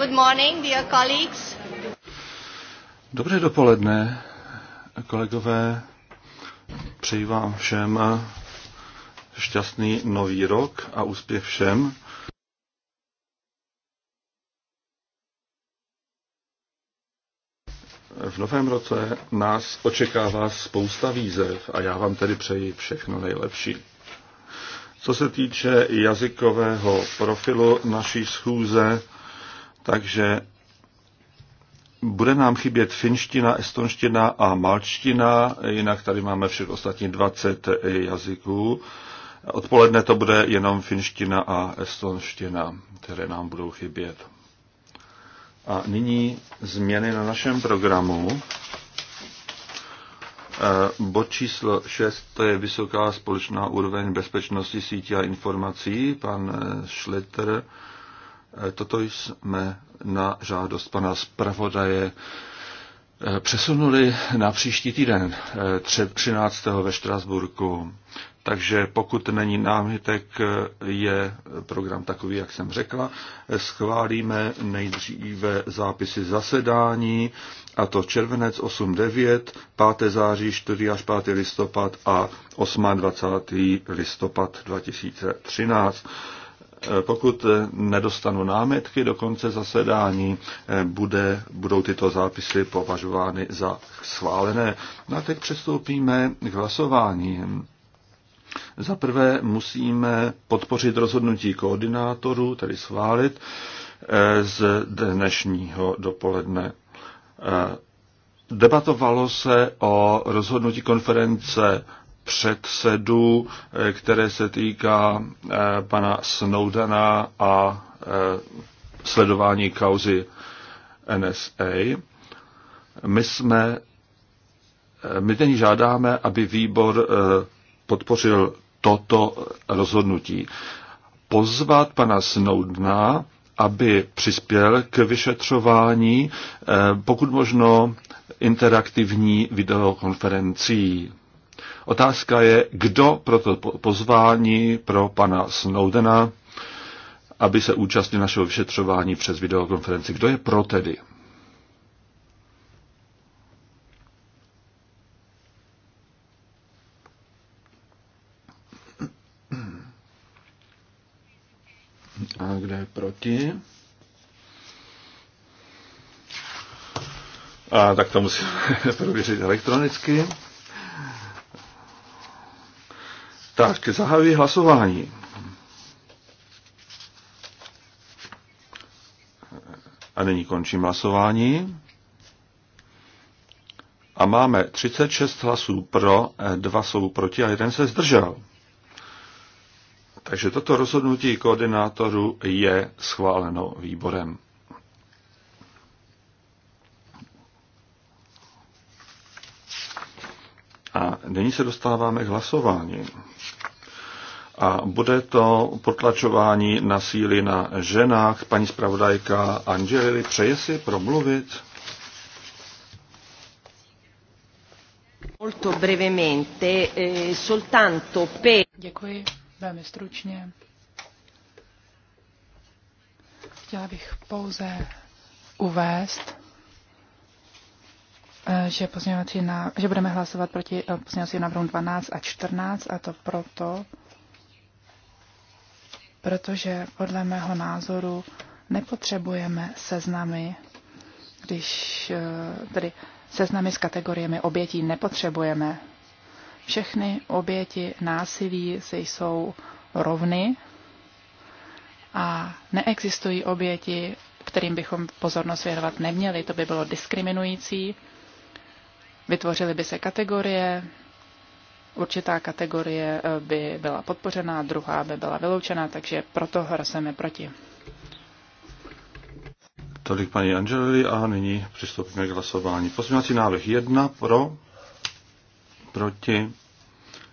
Good morning, dear colleagues. Dobré dopoledne, kolegové. Přeji vám všem eh, šťastný nový rok a úspěch všem. V novém roce nás očekává spousta výzev a já vám tedy přeji všechno nejlepší. Co se týče jazykového profilu naší schůze, takže bude nám chybět finština, estonština a malčtina, jinak tady máme všech ostatní 20 jazyků. Odpoledne to bude jenom finština a estonština, které nám budou chybět. A nyní změny na našem programu. Eh, bod číslo 6, to je vysoká společná úroveň bezpečnosti sítí a informací. Pan eh, Schlitter Eh, toto jsme na žádost pana zpravodaje eh, přesunuli na příští týden, 13. Eh, ve Štrasburku. Takže pokud není námitek, je program takový, jak jsem řekla. Schválíme nejdříve zápisy zasedání, a to červenec 8-9, 5. září 4 až 5. listopad a 28. listopad 2013. Eh, pokud eh, nedostanu námitky do konce zasedání, eh, bude, budou tyto zápisy považovány za schválené. No a teď přistoupíme k hlasování. Za prvé musíme podpořit rozhodnutí koordinátorů, tedy schválit, z dnešního dopoledne. Debatovalo se o rozhodnutí konference předsedu, eh, které se týká eh, pana Snowdena a eh, sledování kauzy NSA. My jsme, my teď žádáme, aby výbor podpořil toto rozhodnutí. Pozvat pana Snowdena, aby přispěl k vyšetřování, pokud možno interaktivní videokonferencí. Otázka je, kdo pro to pozvání pro pana Snowdena, aby se účastnil našeho vyšetřování přes videokonferenci. Kdo je pro tedy? A kde je proti? A tak to musíme prověřit elektronicky. Tak, zahajuji hlasování. A nyní končím hlasování. A máme 36 hlasů pro, dva jsou proti a jeden se zdržel. Takže toto rozhodnutí koordinátoru je schváleno výborem. A nyní se dostáváme k hlasování a bude to potlačování na síly na ženách. Paní zpravodajka Angelili přeje si promluvit. Molto brevemente, eh, soltanto per... Děkuji, velmi stručně. Chtěla bych pouze uvést, eh, že, na, že budeme hlasovat proti eh, pozměňovacím návrhům 12 a 14, a to proto, protože podle mého názoru nepotřebujeme seznamy, když eh, tedy seznamy s kategoriemi obětí nepotřebujeme. Všechny oběti násilí se jsou rovny a neexistují oběti, kterým bychom pozornost věnovat neměli. To by bylo diskriminující. Vytvořily by se kategorie, určitá kategorie eh, by byla podpořená, druhá by byla vyloučena, takže proto hlasujeme proti. Tolik paní Angelili a nyní přistoupíme k hlasování. Pozměňovací návrh 1 pro, proti,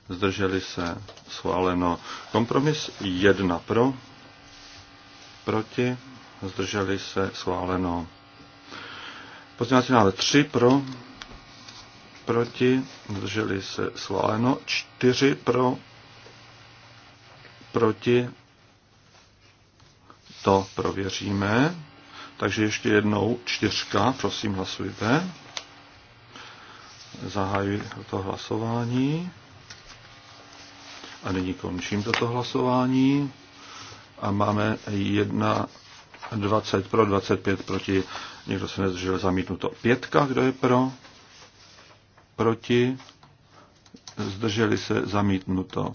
zdrželi se, schváleno. Kompromis 1 pro, proti, zdrželi se, schváleno. Pozměňovací návrh 3 pro, proti, zdrželi se schváleno, čtyři pro, proti, to prověříme. Takže ještě jednou čtyřka, prosím hlasujte. Zahajuji to hlasování. A nyní končím toto hlasování. A máme 1, 20 pro, 25 proti. Někdo se nezdržel zamítnuto. Pětka, kdo je pro? proti, zdrželi se zamítnuto.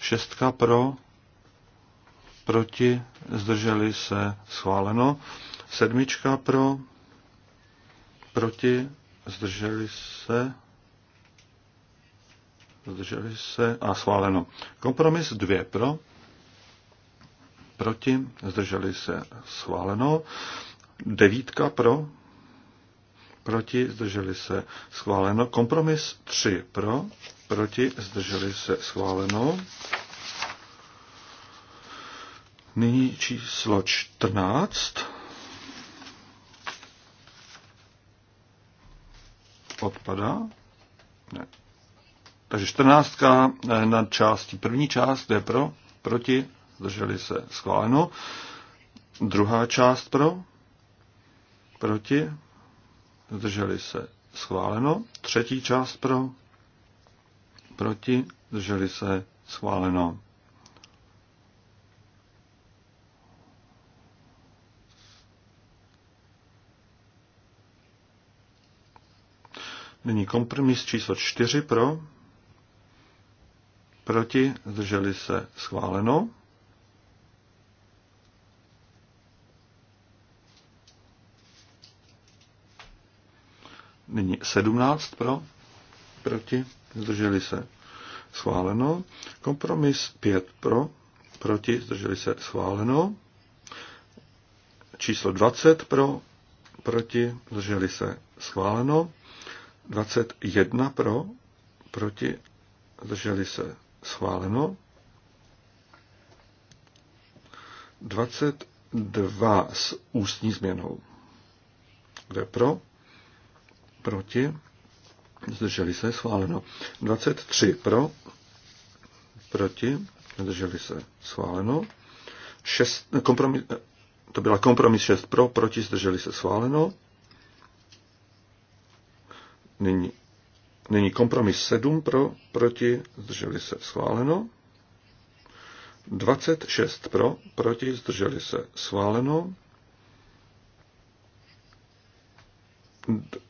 Šestka pro, proti, zdrželi se schváleno. Sedmička pro, proti, zdrželi se, zdrželi se a schváleno. Kompromis dvě pro, proti, zdrželi se schváleno. Devítka pro, proti, zdrželi se, schváleno. Kompromis 3 pro, proti, zdrželi se, schváleno. Nyní číslo 14. Odpadá? Ne. Takže 14. Eh, na části. První část, kde je pro, proti, zdrželi se, schváleno. Druhá část pro, proti, zdrželi se schváleno. Třetí část pro, proti, zdrželi se schváleno. Nyní kompromis číslo čtyři pro, proti, zdrželi se schváleno. Nyní 17 pro, proti, zdrželi se schváleno. Kompromis 5 pro, proti, zdrželi se schváleno. Číslo 20 pro, proti, zdrželi se schváleno. 21 pro, proti, zdrželi se schváleno. 22 s ústní změnou. Kde pro? proti, zdrželi se, schváleno. 23 pro, proti, zdrželi se, schváleno. 6, kompromis, to byla kompromis 6 pro, proti, zdrželi se, schváleno. Nyní, nyní kompromis 7 pro, proti, zdrželi se, schváleno. 26 pro, proti, zdrželi se, schváleno.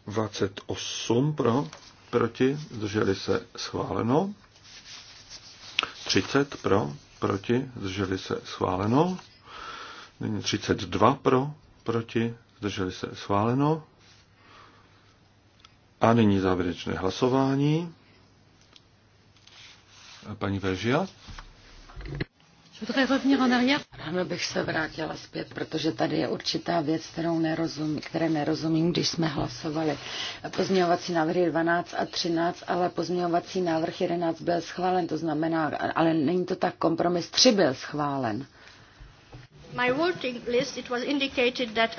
28 pro, proti, zdrželi se schváleno. 30 pro, proti, zdrželi se schváleno. Nyní 32 pro, proti, zdrželi se schváleno. A nyní závěrečné hlasování. Paní Veržia. Ráno bych se vrátila zpět, protože tady je určitá věc, kterou nerozumím, které nerozumím, když jsme hlasovali. Pozměňovací návrhy 12 a 13, ale pozměňovací návrh 11 byl schválen, to znamená, ale není to tak kompromis, 3 byl schválen. My voting list, it was indicated that...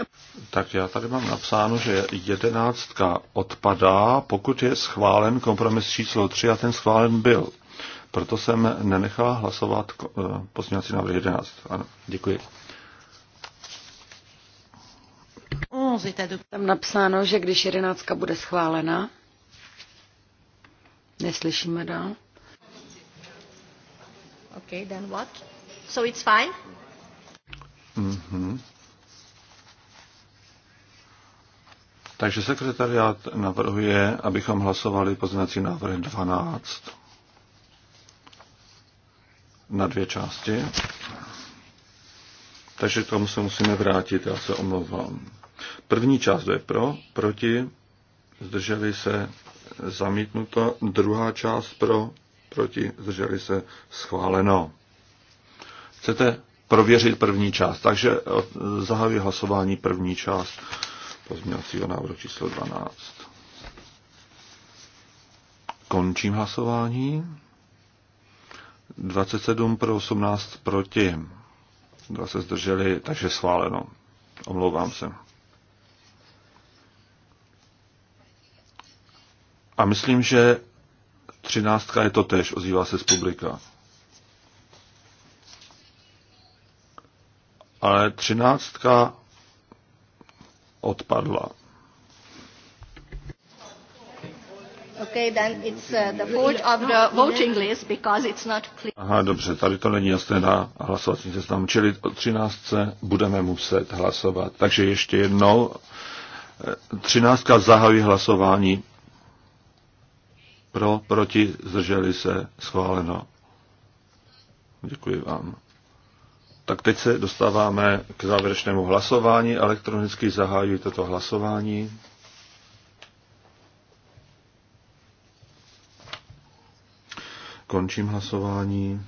Tak já tady mám napsáno, že jedenáctka odpadá, pokud je schválen kompromis číslo 3 a ten schválen byl. Proto jsem nenechala hlasovat eh, pozměňovací návrh 11. Ano, děkuji. Tam napsáno, že když 11 bude schválena, neslyšíme dál. OK, then what? So it's fine? Mm-hmm. Takže sekretariát navrhuje, abychom hlasovali pozměňovací návrh 12 na dvě části. Takže k tomu se musíme vrátit, já se omlouvám. První část je pro, proti, zdrželi se zamítnuto, druhá část pro, proti, zdrželi se schváleno. Chcete prověřit první část, takže eh, zahajuji hlasování první část pozměňovacího návrhu číslo 12. Končím hlasování. 27 pro 18 proti. Dva se zdrželi, takže schváleno. Omlouvám se. A myslím, že třináctka je to tež, ozývá se z publika. Ale třináctka odpadla. Okay, then it's uh, the vote of the voting list because it's not clear. Aha, dobře, tady to není jasné na hlasovacím seznamu, čili o 13. budeme muset hlasovat. Takže ještě jednou, 13. Eh, zahájí hlasování. Pro, proti, zdrželi se, schváleno. Děkuji vám. Tak teď se dostáváme k závěrečnému hlasování. Elektronicky zahájí toto hlasování. Končím hlasování.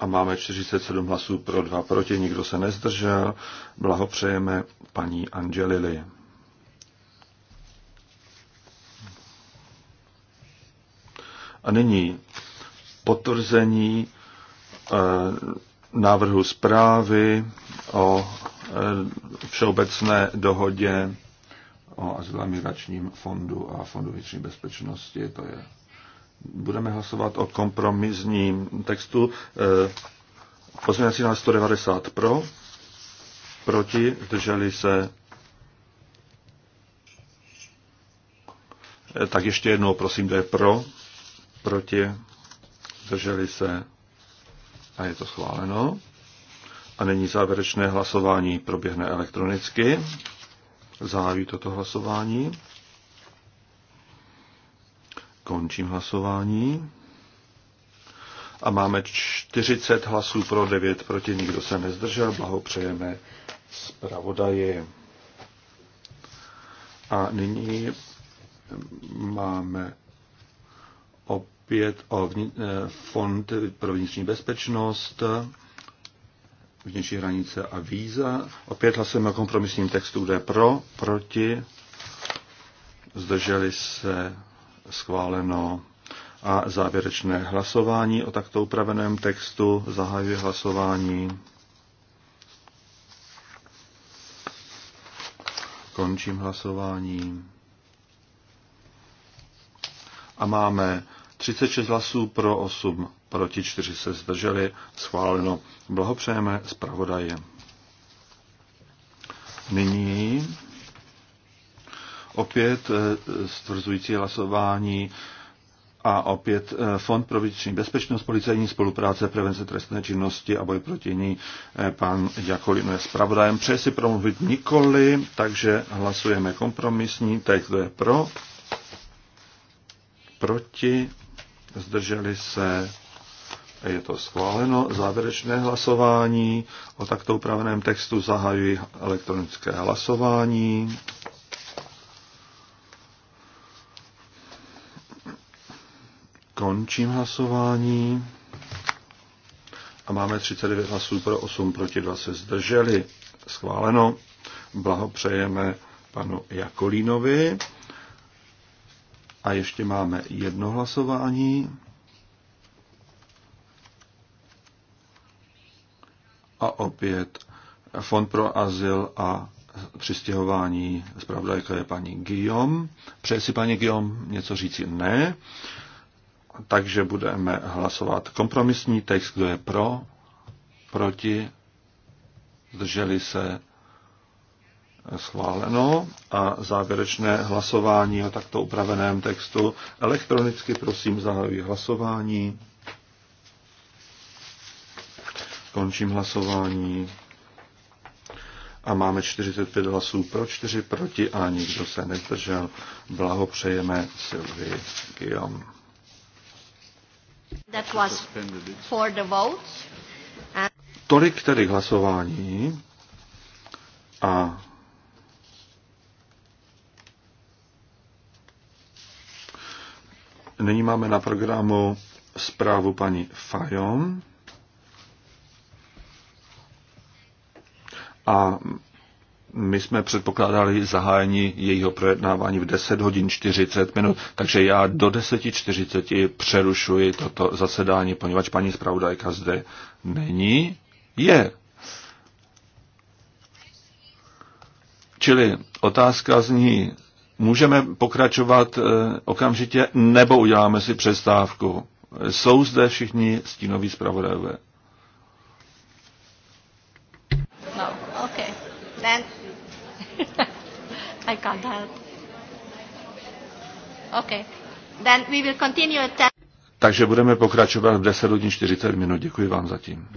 A máme 47 hlasů pro, dva proti, nikdo se nezdržel. Blahopřejeme paní Angelili. A nyní potvrzení eh, návrhu zprávy o eh, všeobecné dohodě o azylamigračním fondu a fondu vnitřní bezpečnosti. To je budeme hlasovat o kompromisním textu. Eh, pozměňovací na 190 pro, proti, zdrželi se. Eh, tak ještě jednou, prosím, to je pro, proti, zdrželi se a je to schváleno. A není závěrečné hlasování proběhne elektronicky. Zahájí toto hlasování. Končím hlasování. A máme 40 hlasů pro, 9 proti, nikdo se nezdržel. Blahopřejeme zpravodaji. A nyní máme opět o vnitř, eh, fond pro vnitřní bezpečnost, vnější hranice a víza. Opět hlasujeme o kompromisním textu, kde pro, proti, zdrželi se schváleno. A závěrečné hlasování o takto upraveném textu zahajuje hlasování. Končím hlasování. A máme 36 hlasů pro 8, proti 4 se zdrželi, schváleno. Blahopřejeme zpravodaje. Nyní opět eh, stvrzující hlasování a opět eh, Fond pro vnitřní bezpečnost, policejní spolupráce, prevence trestné činnosti a boj proti ní. Eh, pan Jakolino je zpravodajem. Přeje si promluvit nikoli, takže hlasujeme kompromisní. Teď to je pro, proti, zdrželi se, je to schváleno. Závěrečné hlasování o takto upraveném textu zahajuji elektronické hlasování. Končím hlasování. A máme 39 hlasů pro 8, proti 2 se zdrželi. Schváleno. Blahopřejeme panu Jakolínovi. A ještě máme jedno hlasování. A opět Fond pro azyl a přistěhování zpravodajka je paní Guillaume. Přeje si paní Guillaume něco říci? Ne takže budeme hlasovat kompromisní text, kdo je pro, proti, zdrželi se schváleno a závěrečné hlasování o takto upraveném textu. Elektronicky prosím zahajuji hlasování. Končím hlasování. A máme 45 hlasů pro, 4 proti a nikdo se nezdržel. Blahopřejeme Silvi Guillaume. That was for the votes. And... Tolik tedy k hlasování a Nyní máme na programu zprávu paní Fajon. A my jsme předpokládali zahájení jejího projednávání v 10 hodin 40 minut, takže já do 10.40 přerušuji toto zasedání, poněvadž paní zpravodajka zde není. Je. Čili otázka zní, můžeme pokračovat eh, okamžitě nebo uděláme si přestávku? Jsou zde všichni stínoví zpravodajové? can't help. Okay. Then we will continue. at 10. Takže budeme pokračovat v 10 hodin 40 minut. Děkuji vám zatím.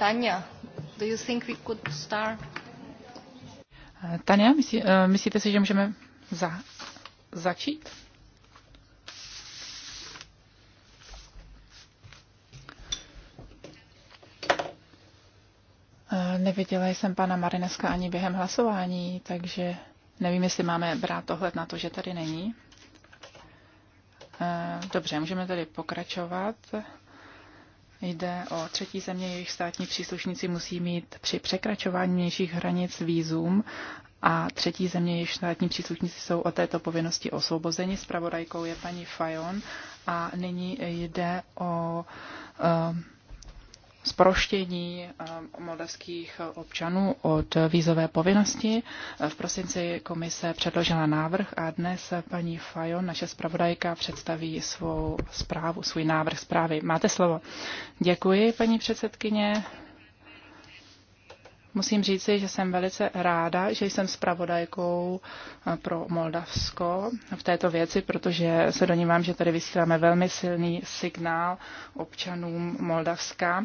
Tania, do you think we could start? Tania, myslí, eh, myslíte si, že můžeme za, začít? Eh, neviděla jsem pana Marineska ani během hlasování, takže nevím, jestli máme brát ohled na to, že tady není. Eh, dobře, můžeme tady pokračovat. Jde o třetí země, jejich státní příslušníci musí mít při překračování vnějších hranic výzum a třetí země, jejich státní příslušníci jsou o této povinnosti osvobozeni. Spravodajkou je paní Fajon a nyní jde o uh, sproštění eh, moldavských občanů od vízové povinnosti. V prosinci komise předložila návrh a dnes paní Fajon, naše zpravodajka, představí svou zprávu, svůj návrh zprávy. Máte slovo. Děkuji, paní předsedkyně. Musím říci, že jsem velice ráda, že jsem zpravodajkou eh, pro Moldavsko v této věci, protože se donívám, že tady vysíláme velmi silný signál občanům Moldavska.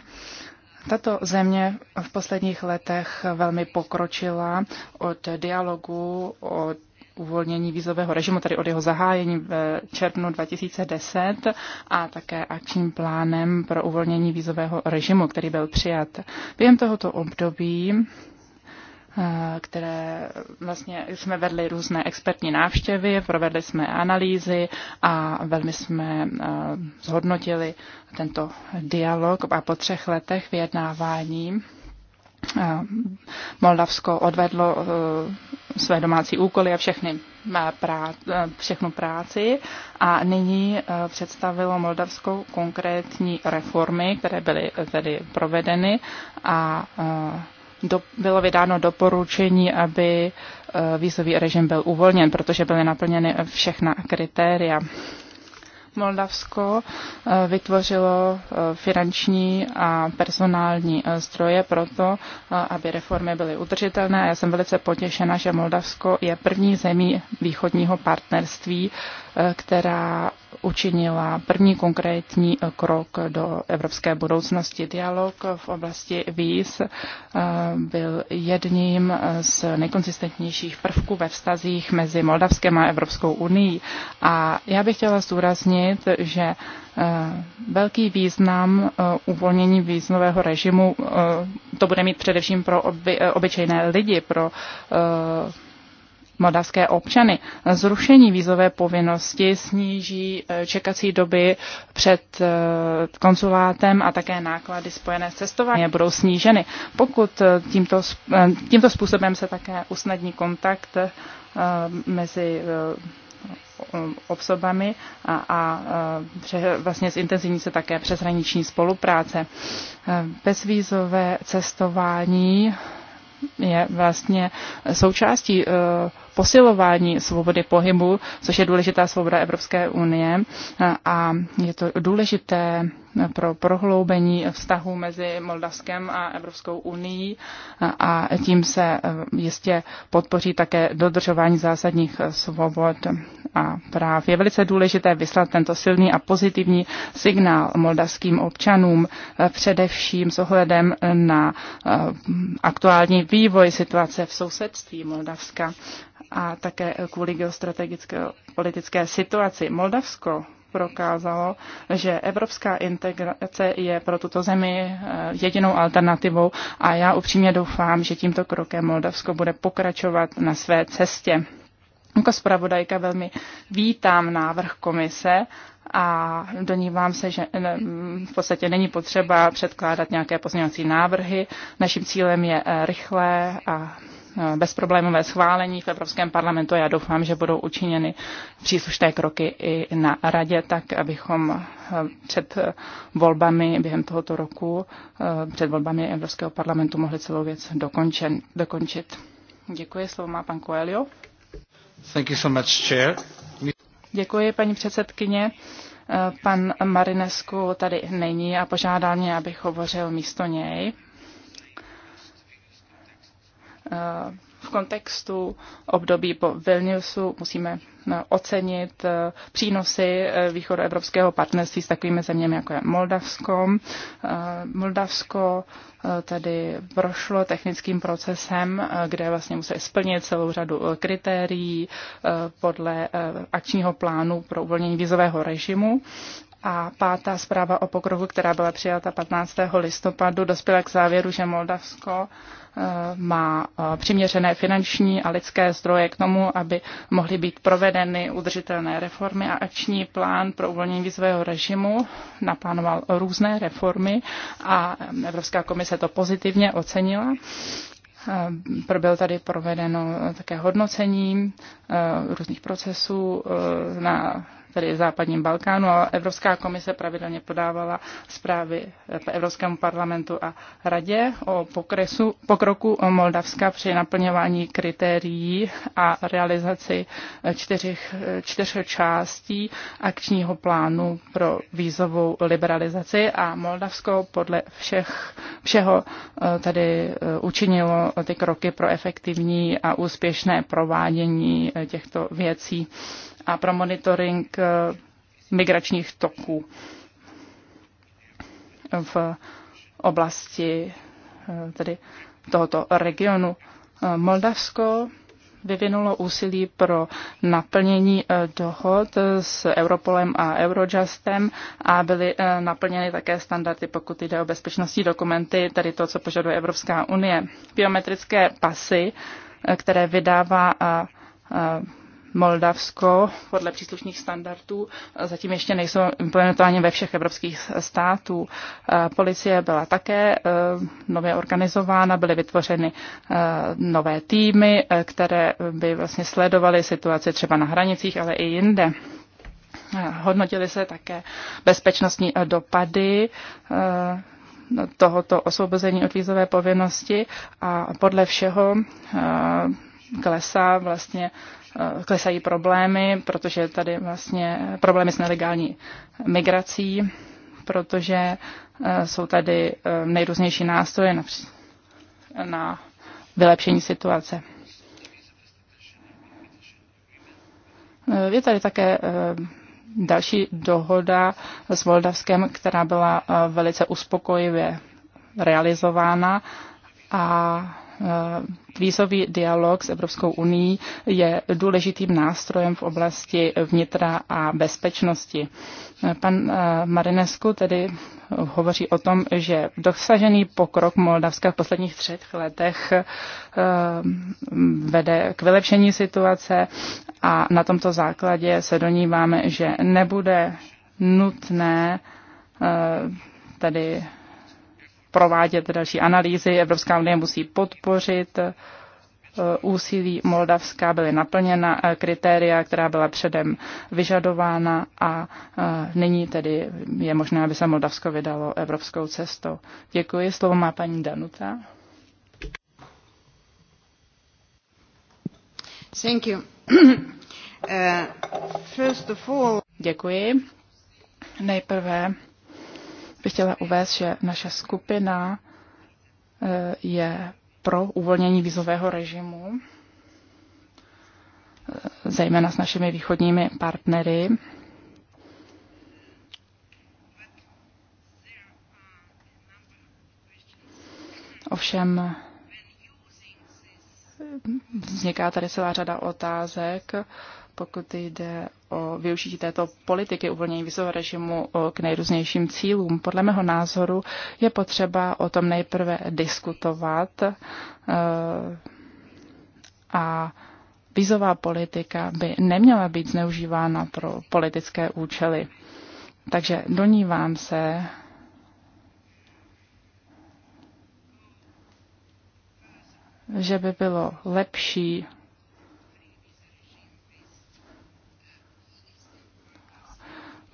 Tato země v posledních letech velmi pokročila od dialogu, od uvolnění vízového režimu, tedy od jeho zahájení v červnu 2010 a také akčním plánem pro uvolnění vízového režimu, který byl přijat. Během tohoto období eh, které vlastně jsme vedli různé expertní návštěvy, provedli jsme analýzy a velmi jsme eh, zhodnotili tento dialog a po třech letech vyjednávání Eh, Moldavsko odvedlo eh, své domácí úkoly a všechny eh, prá, všechnu práci a nyní představilo Moldavsko konkrétní reformy, které byly tedy provedeny a do, bylo vydáno doporučení, aby vízový režim byl uvolněn, protože byly naplněny všechna kritéria. Moldavsko eh, vytvořilo eh, finanční a personální zdroje eh, pro to, aby reformy byly udržitelné. Já jsem velice potěšena, že Moldavsko je první zemí východního partnerství, která učinila první konkrétní krok do evropské budoucnosti. Dialog v oblasti víz eh, byl jedním z nejkonsistentnějších prvků ve vztazích mezi Moldavskem a Evropskou unii. A já bych chtěla zdůraznit, že eh, velký význam eh, uvolnění víznového režimu to bude mít především pro oby, obyčejné lidi, pro moldavské občany. Zrušení vízové povinnosti sníží eh, čekací doby před eh, konzulátem a také náklady spojené s cestováním budou sníženy. Pokud eh, tímto, tímto způsobem se také usnadní kontakt mezi osobami a, a pře, vlastně zintenzivní se také přeshraniční spolupráce. Bezvízové cestování je vlastně součástí uh, posilování svobody pohybu, což je důležitá svoboda Evropské unie a je to důležité pro prohloubení vztahu mezi Moldavskem a Evropskou unii a tím se eh, jistě podpoří také dodržování zásadních svobod a práv. Je velice důležité vyslat tento silný a pozitivní signál moldavským občanům, eh, především s ohledem na eh, aktuální vývoj situace v sousedství Moldavska a také kvůli geostrategické politické situaci. Moldavsko prokázalo, že evropská integrace je pro tuto zemi eh, jedinou alternativou a já upřímně doufám, že tímto krokem Moldavsko bude pokračovat na své cestě. Jako zpravodajka velmi vítám návrh komise a donívám se, že eh, v podstatě není potřeba předkládat nějaké pozměňovací návrhy. Naším cílem je eh, rychlé a Eh, bezproblémové schválení v Evropském parlamentu a já doufám, že budou učiněny příslušné kroky i na radě, tak abychom eh, před eh, volbami během tohoto roku, před volbami Evropského parlamentu mohli celou věc dokončen, dokončit. Děkuji, slovo má pan Coelho. Thank you so much, chair. Děkuji, paní předsedkyně. Pan Marinesku tady není a požádal mě, abych hovořil místo něj v kontextu období po Vilniusu musíme eh, ocenit eh, přínosy eh, evropského partnerství s takovými zeměmi, jako je Moldavsko. Moldavsko tedy prošlo technickým procesem, kde vlastně museli splnit celou řadu kritérií podle akčního plánu pro uvolnění vízového režimu a pátá zpráva o pokroku, která byla přijata 15. listopadu, dospěla k závěru, že Moldavsko eh, má eh, přiměřené finanční a lidské zdroje k tomu, aby mohly být provedeny udržitelné reformy a akční plán pro uvolnění vizového režimu naplánoval různé reformy a Evropská komise to pozitivně ocenila. Eh, Bylo tady provedeno také hodnocení různých procesů na tedy západním Balkánu, ale Evropská komise pravidelně podávala zprávy Evropskému parlamentu a radě o pokresu, pokroku Moldavska při naplňování kritérií a realizaci čtyř částí akčního plánu pro vízovou liberalizaci a Moldavsko podle všech, všeho eh, tady eh, učinilo ty kroky pro efektivní a úspěšné provádění eh, těchto věcí a pro monitoring eh, migračních toků v oblasti eh, tedy tohoto regionu. Eh, Moldavsko vyvinulo úsilí pro naplnění dohod s Europolem a Eurojustem a byly naplněny také standardy, pokud jde o bezpečnostní dokumenty, tedy to, co požaduje Evropská unie. Biometrické pasy, které vydává Moldavsko podle příslušných standardů zatím ještě nejsou implementovány ve všech evropských států. E, policie byla také e, nově organizována, byly vytvořeny e, nové týmy, které by vlastně sledovaly situaci třeba na hranicích, ale i jinde. Hodnotily se také bezpečnostní dopady tohoto osvobození od vízové povinnosti a podle všeho klesá vlastně eh, klesají problémy, protože tady vlastně problémy s nelegální migrací, protože eh, jsou tady eh, nejrůznější nástroje na, na vylepšení situace. Je tady také další dohoda s Moldavskem, která byla velice uspokojivě realizována a Eh, vízový dialog s Evropskou uní je důležitým nástrojem v oblasti vnitra a bezpečnosti. Eh, pan eh, Marinesku tedy hovoří o tom, že dosažený pokrok Moldavska v posledních třech letech vede k vylepšení situace a na tomto základě se domníváme, že nebude nutné tedy provádět další analýzy. Evropská unie musí podpořit eh, úsilí Moldavska byly naplněna eh, kritéria, která byla předem vyžadována a eh, nyní tedy je možné, aby se Moldavsko vydalo evropskou cestou. Děkuji. Slovo má paní Danuta. Thank you. Uh, first of all... Děkuji. Nejprve bych chtěla uvést, že naše skupina eh, je pro uvolnění vizového režimu, eh, zejména s našimi východními partnery. Ovšem vzniká tady celá řada otázek, pokud jde o využití této politiky uvolnění vizového režimu k nejrůznějším cílům. Podle mého názoru je potřeba o tom nejprve diskutovat e, a vizová politika by neměla být zneužívána pro politické účely. Takže donívám se, že by bylo lepší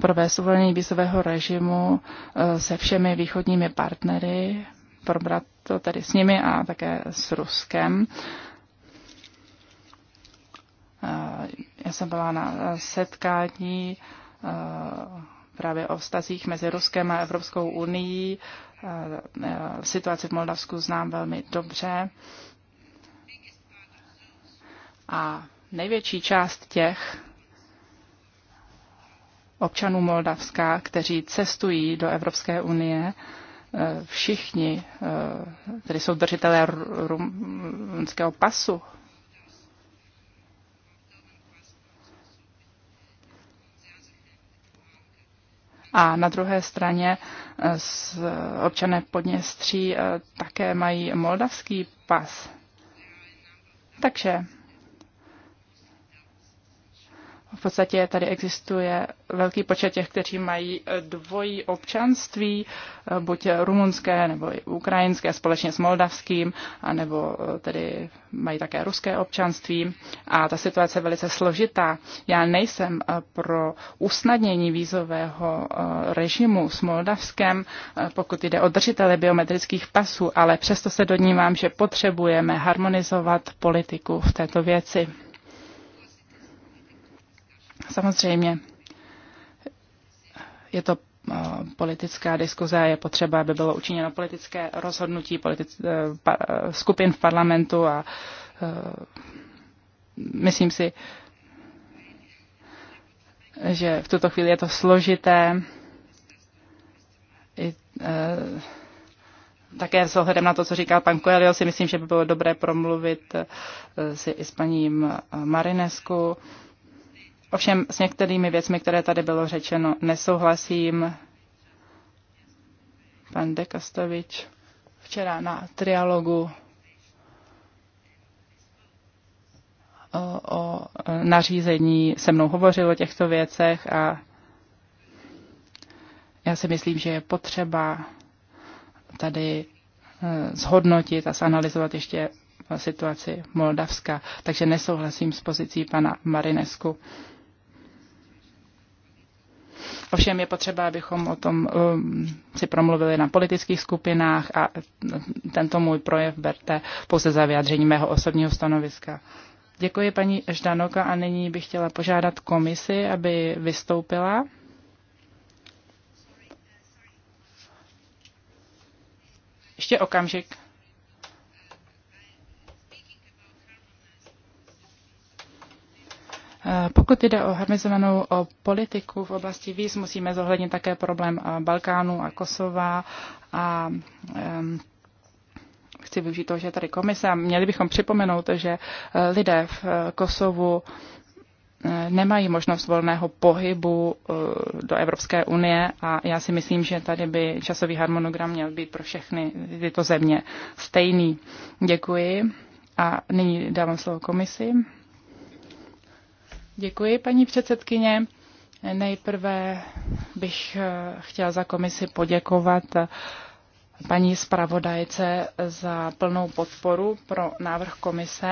provést uvolnění vízového režimu eh, se všemi východními partnery, probrat to tedy s nimi a také s Ruskem. Eh, já jsem byla na setkání eh, právě o vztazích mezi Ruskem a Evropskou unii. Situaci v Moldavsku znám velmi dobře. A největší část těch, občanů Moldavska, kteří cestují do Evropské unie, eh, všichni, eh, tedy jsou držitelé rumunského pasu, A na druhé straně eh, občané Podněstří také mají moldavský pas. Takže v podstatě tady existuje velký počet těch, kteří mají eh, dvojí občanství, eh, buď rumunské nebo ukrajinské společně s moldavským, anebo eh, tedy mají také ruské občanství. A ta situace je velice složitá. Já nejsem pro usnadnění vízového režimu s Moldavskem, pokud jde o držitele biometrických pasů, ale přesto se dodnívám, že potřebujeme harmonizovat politiku v této věci. Samozřejmě je to eh, politická diskuze a je potřeba, aby bylo učiněno politické rozhodnutí politic, eh, pa, eh, skupin v parlamentu a myslím si, že v tuto chvíli je to složité. I, také s ohledem na to, co říkal pan Coelho, si myslím, že by bylo dobré promluvit si i s paním Marinesku. Ovšem s některými věcmi, které tady bylo řečeno, nesouhlasím. Pan Dekastovič včera na trialogu o, o nařízení se mnou hovořil o těchto věcech a já si myslím, že je potřeba tady e, zhodnotit a zanalizovat ještě situaci Moldavska. Takže nesouhlasím s pozicí pana Marinesku. Ovšem je potřeba, abychom o tom um, si promluvili na politických skupinách a tento můj projev berte pouze za vyjádření mého osobního stanoviska. Děkuji paní Ždanoka a nyní bych chtěla požádat komisi, aby vystoupila. Ještě okamžik. Pokud jde o harmonizovanou politiku v oblasti víz, musíme zohlednit také problém eh, Balkánu a Kosova a chci využít to, že je tady komise a měli bychom připomenout, že eh, lidé v eh, Kosovu nemají možnost volného pohybu do Evropské unie a já si myslím, že tady by časový harmonogram měl být pro všechny tyto země stejný. Děkuji a nyní dávám slovo komisi. Děkuji, paní předsedkyně. Nejprve bych eh, chtěla za komisi poděkovat eh, paní zpravodajce za plnou podporu pro návrh komise.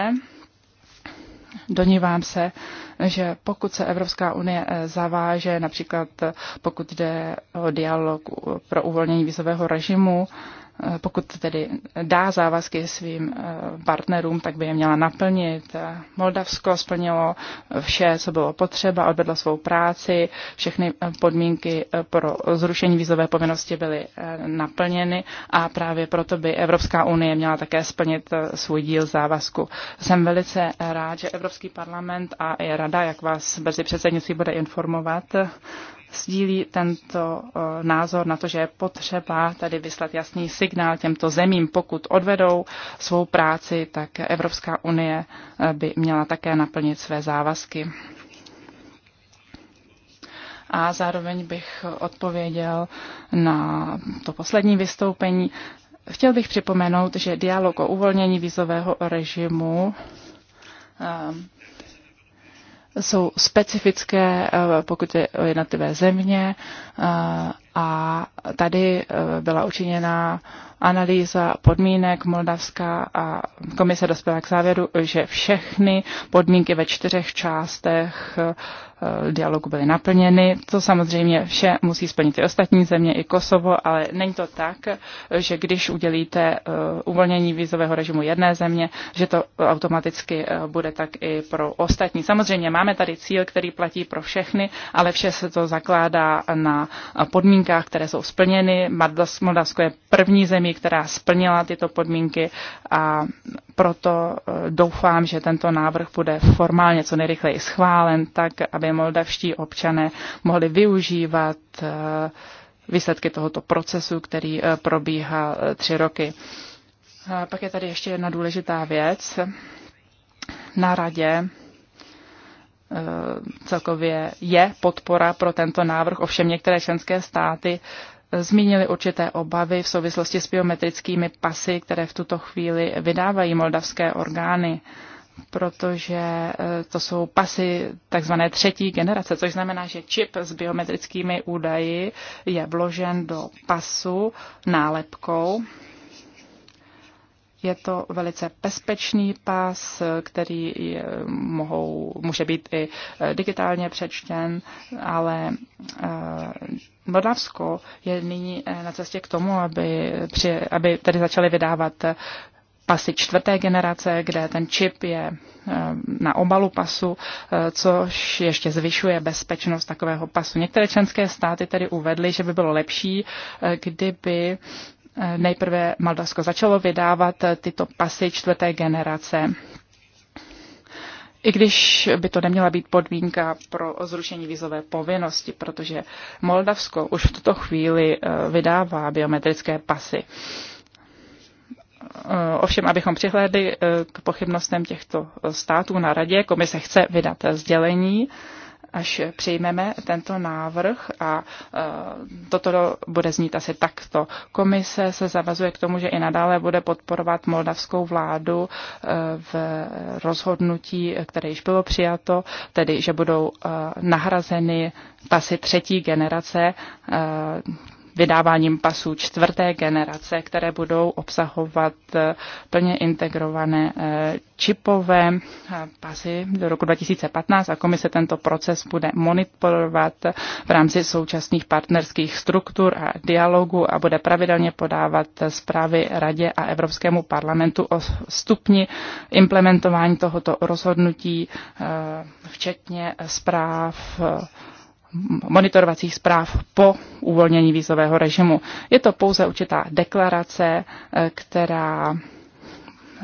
Donívám se, že pokud se Evropská unie eh, zaváže, například pokud jde o dialog pro uvolnění vizového režimu, Eh, pokud tedy dá závazky svým eh, partnerům, tak by je měla naplnit. Eh, Moldavsko splnilo vše, co bylo potřeba, odvedlo svou práci, všechny podmínky pro zrušení vízové povinnosti byly naplněny a právě proto by Evropská unie měla také splnit svůj díl závazku. Jsem velice rád, že Evropský parlament a i Rada, jak vás brzy předsednictví bude informovat, sdílí tento eh, názor na to, že je potřeba tady vyslat jasný signál těmto zemím. Pokud odvedou svou práci, tak Evropská unie eh, by měla také naplnit své závazky. A zároveň bych odpověděl na to poslední vystoupení. Chtěl bych připomenout, že dialog o uvolnění vízového režimu eh, jsou specifické, eh, pokud je o jednotlivé země eh, a tady eh, byla učiněna analýza podmínek Moldavska a komise dospěla k závěru, že všechny podmínky ve čtyřech částech Eh, dialogu byly naplněny. To samozřejmě vše musí splnit i ostatní země, i Kosovo, ale není to tak, že když udělíte eh, uvolnění vízového režimu jedné země, že to automaticky eh, bude tak i pro ostatní. Samozřejmě máme tady cíl, který platí pro všechny, ale vše se to zakládá na podmínkách, které jsou splněny. Moldavsko je první zemí, která splnila tyto podmínky a proto doufám, že tento návrh bude formálně co nejrychleji schválen, tak aby moldavští občané mohli využívat eh, výsledky tohoto procesu, který eh, probíhá eh, tři roky. Pak je tady ještě jedna důležitá věc. Na radě celkově je podpora pro tento návrh, ovšem některé členské státy zmínili určité obavy v souvislosti s biometrickými pasy, které v tuto chvíli vydávají moldavské orgány. Uh, protože eh, to jsou pasy takzvané třetí generace, což znamená, že čip s biometrickými údaji je vložen do pasu nálepkou. Je to velice bezpečný pas, který je, mohou, může být i eh, digitálně přečten, ale eh, Moldavsko je nyní na cestě k tomu, aby, při, aby tady začali vydávat pasy čtvrté generace, kde ten čip je eh, na obalu pasu, eh, což ještě zvyšuje bezpečnost takového pasu. Některé členské státy tedy uvedly, že by bylo lepší, eh, kdyby nejprve Moldavsko začalo vydávat tyto pasy čtvrté generace. I když by to neměla být podmínka pro zrušení vízové povinnosti, protože Moldavsko už v tuto chvíli vydává biometrické pasy. Eh, ovšem, abychom přihlédli eh, k pochybnostem těchto eh, států na radě, komise chce vydat sdělení, až přijmeme tento návrh a toto bude znít asi takto. Komise se zavazuje k tomu, že i nadále bude podporovat moldavskou vládu v rozhodnutí, které již bylo přijato, tedy že budou nahrazeny asi třetí generace vydáváním pasů čtvrté generace, které budou obsahovat eh, plně integrované eh, čipové eh, pasy do roku 2015 a komise tento proces bude monitorovat v rámci současných partnerských struktur a dialogu a bude pravidelně podávat zprávy Radě a Evropskému parlamentu o stupni implementování tohoto rozhodnutí, včetně zpráv monitorovacích zpráv po uvolnění vízového režimu. Je to pouze určitá deklarace, eh, která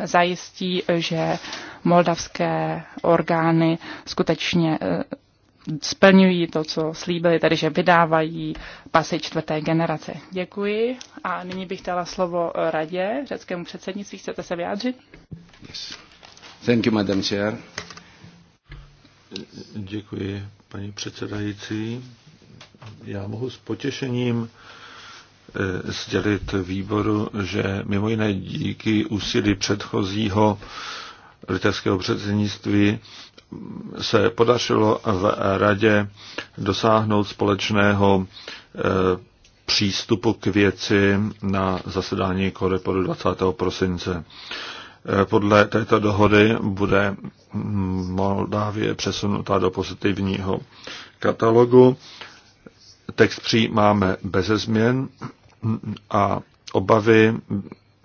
zajistí, že moldavské orgány skutečně eh, splňují to, co slíbili, tedy že vydávají pasy čtvrté generace. Děkuji a nyní bych dala slovo eh, radě, řeckému předsednictví. Chcete se vyjádřit? Yes. Thank you, Madam Chair. Děkuji, paní předsedající. Já mohu s potěšením eh, sdělit výboru, že mimo jiné díky úsilí předchozího litevského předsednictví se podařilo v radě dosáhnout společného eh, přístupu k věci na zasedání Koreporu 20. prosince. Eh, podle této dohody bude Moldávie přesunuta do pozitivního katalogu. Text přijímáme bez změn a obavy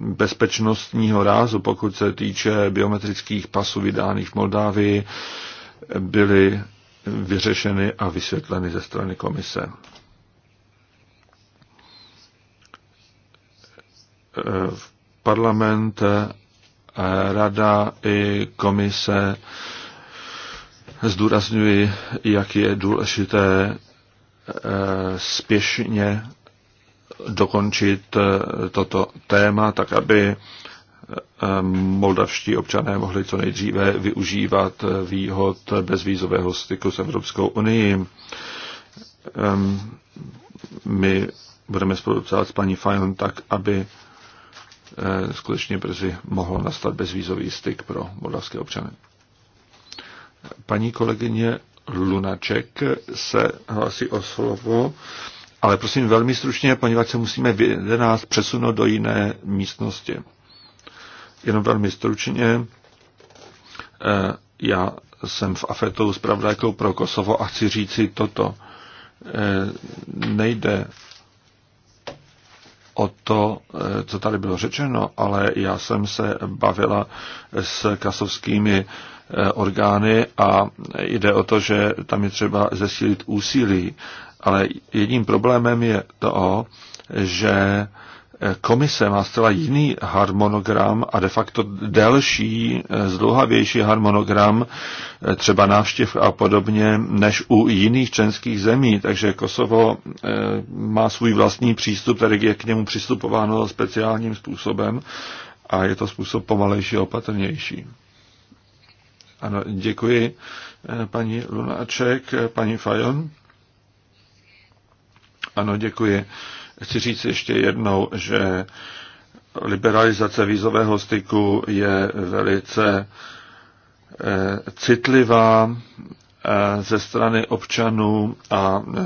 bezpečnostního rázu, pokud se týče biometrických pasů vydáných v Moldávii, byly vyřešeny a vysvětleny ze strany komise. Eh, parlament rada i komise zdůrazňují, jak je důležité eh, spěšně dokončit eh, toto téma, tak aby eh, moldavští občané mohli co nejdříve využívat výhod bezvízového styku s Evropskou unii. Ehm, my budeme spolupracovat s paní Fajon tak, aby Eh, skutečně brzy mohl nastat bezvízový styk pro moldavské občany. Paní kolegyně Lunaček se hlásí o slovo, ale prosím velmi stručně, poněvadž se musíme v 11 přesunout do jiné místnosti. Jenom velmi stručně, eh, já jsem v AFETu zpravodajkou pro Kosovo a chci říci toto. Eh, nejde o to, eh, co tady bylo řečeno, ale já jsem se bavila s kasovskými eh, orgány a jde o to, že tam je třeba zesílit úsilí. Ale jedním problémem je to, že komise má zcela jiný harmonogram a de facto delší, eh, zdlouhavější harmonogram eh, třeba návštěv a podobně než u jiných členských zemí. Takže Kosovo eh, má svůj vlastní přístup, tady je k němu přistupováno speciálním způsobem a je to způsob pomalejší a opatrnější. Ano, děkuji paní Lunáček, paní Fajon. Ano, děkuji. Chci říct ještě jednou, že liberalizace vízového styku je velice eh, citlivá eh, ze strany občanů a eh,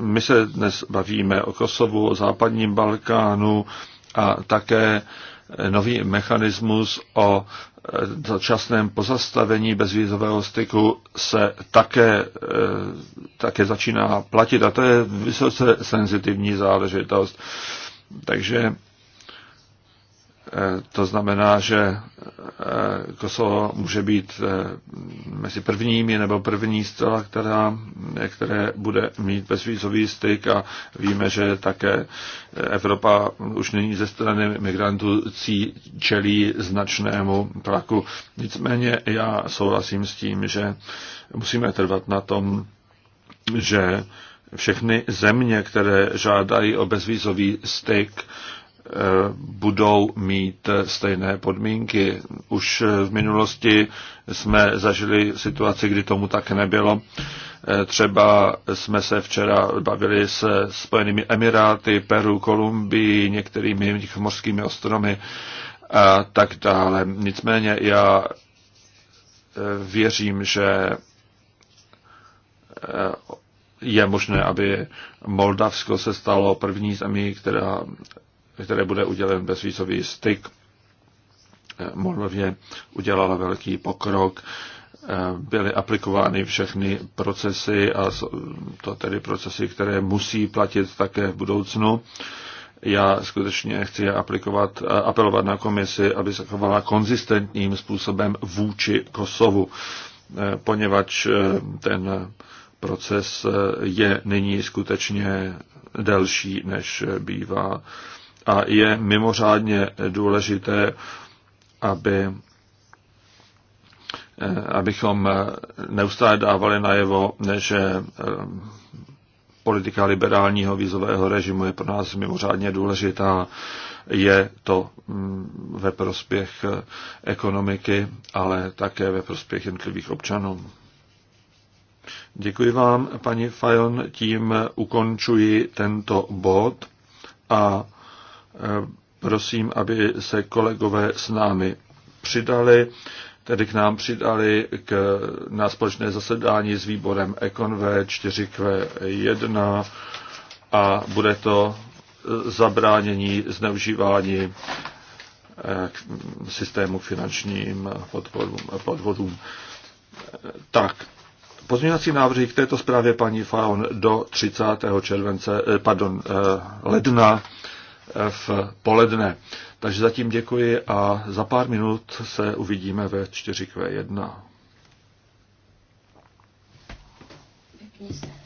my se dnes bavíme o Kosovu, o západním Balkánu a také nový mechanismus o začasném e, pozastavení bezvízového styku se také, e, také začíná platit a to je vysoce senzitivní záležitost. Takže Eh, to znamená, že eh, Kosovo může být eh, mezi prvními nebo první zcela, která, které bude mít bezvízový styk a víme, že také Evropa už není ze strany migrantů čelí značnému tlaku. Nicméně já souhlasím s tím, že musíme trvat na tom, že všechny země, které žádají o bezvízový styk, budou mít stejné podmínky. Už v minulosti jsme zažili situaci, kdy tomu tak nebylo. Třeba jsme se včera bavili se Spojenými Emiráty, Peru, Kolumbii, některými mořskými ostromy a tak dále. Nicméně já eh, věřím, že eh, je možné, aby Moldavsko se stalo první zemí, která které bude udělen bezvízový styk, eh, Moldově udělala velký pokrok. Eh, Byly aplikovány všechny procesy a to tedy procesy, které musí platit také v budoucnu. Já skutečně chci aplikovat, eh, apelovat na komisi, aby se chovala konzistentním způsobem vůči Kosovu, poněvadž ten proces je nyní skutečně delší, než bývá a je mimořádně důležité, aby eh, abychom neustále dávali najevo, že eh, politika liberálního vízového režimu je pro nás mimořádně důležitá. Je to mm, ve prospěch eh, ekonomiky, ale také ve prospěch jednotlivých občanů. Děkuji vám, paní Fajon, tím ukončuji tento bod a prosím, aby se kolegové s námi přidali, tedy k nám přidali k, na společné zasedání s výborem EconV 4Q1 a bude to e, zabránění zneužívání e, k systému k finančním podvodům. podvodům. Tak, pozměňovací návrhy k této zprávě paní Faon do 30. července, e, pardon, ledna v poledne. Takže zatím děkuji a za pár minut se uvidíme ve 4Q1. Vypni se.